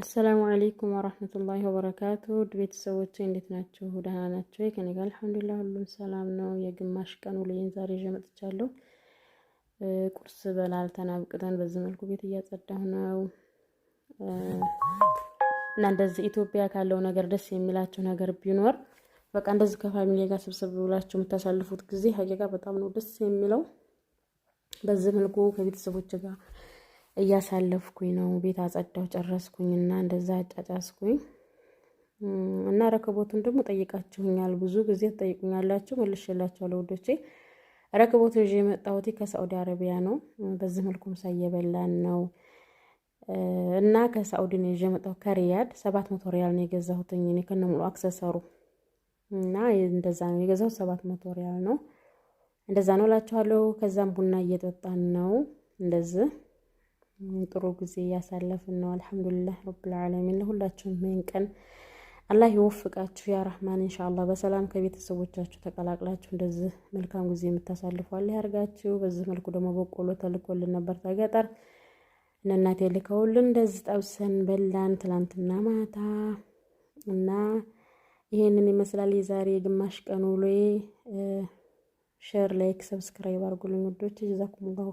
አሰላሙ አሌይኩም ወራህመቱላሂ ወበረካቱ ውድ ቤተሰቦቼ እንዴት ናችሁ? ደህና ናቸው ከኔ ጋር አልሐምዱሊላህ ሁሉም ሰላም ነው። የግማሽ ቀን ውሎዬን ዛሬ ይዤ መጥቻለሁ። ቁርስ በላልተን አብቅተን በዚህ መልኩ ቤት እያጸዳሁ ነው እና እንደዚህ ኢትዮጵያ ካለው ነገር ደስ የሚላቸው ነገር ቢኖር በቃ እንደዚህ ከፋሚሊ ጋር ስብሰብ ብላችሁ የምታሳልፉት ጊዜ ሀቂቃ በጣም ነው ደስ የሚለው። በዚህ መልኩ ከቤተሰቦች ጋር እያሳለፍኩኝ ነው። ቤት አጸዳው ጨረስኩኝ እና እንደዛ አጫጫስኩኝ እና ረከቦቱን ደግሞ ጠይቃችሁኛል። ብዙ ጊዜ ትጠይቁኛላችሁ፣ መልሼላችኋለሁ ውዶቼ። ረከቦቱን ይዤ የመጣሁት ከሳዑዲ አረቢያ ነው። በዚህ መልኩ ምሳ እየበላን ነው እና ከሳዑዲ ነው ይዤ የመጣሁ ከሪያድ ሰባት መቶ ሪያል ነው የገዛሁትኝ እኔ ሙሉ አክሰሰሩ እና እንደዛ ነው የገዛሁት ሰባት መቶ ሪያል ነው። እንደዛ ነው እላችኋለሁ። ከዛም ቡና እየጠጣን ነው እንደዚህ ጥሩ ጊዜ እያሳለፍን ነው። አልሐምዱሊላህ ረብል ዓለሚን። ለሁላችሁም ይህን ቀን አላህ ይወፍቃችሁ ያ ረህማን። ኢንሻአላህ በሰላም ከቤተሰቦቻችሁ ተቀላቅላችሁ እንደዚህ መልካም ጊዜ የምታሳልፉ አላህ ያርጋችሁ። በዚህ መልኩ ደግሞ በቆሎ ተልኮልን ነበር ተገጠር እነ እናቴ ልከውልን እንደዚህ ጠብሰን በላን ትላንትና ማታ እና ይሄንን ይመስላል የዛሬ ግማሽ ቀን ውሎዬ። ሼር ላይክ፣ ሰብስክራይብ አድርጉልኝ ውዶች። ጀዛኩሙላሁ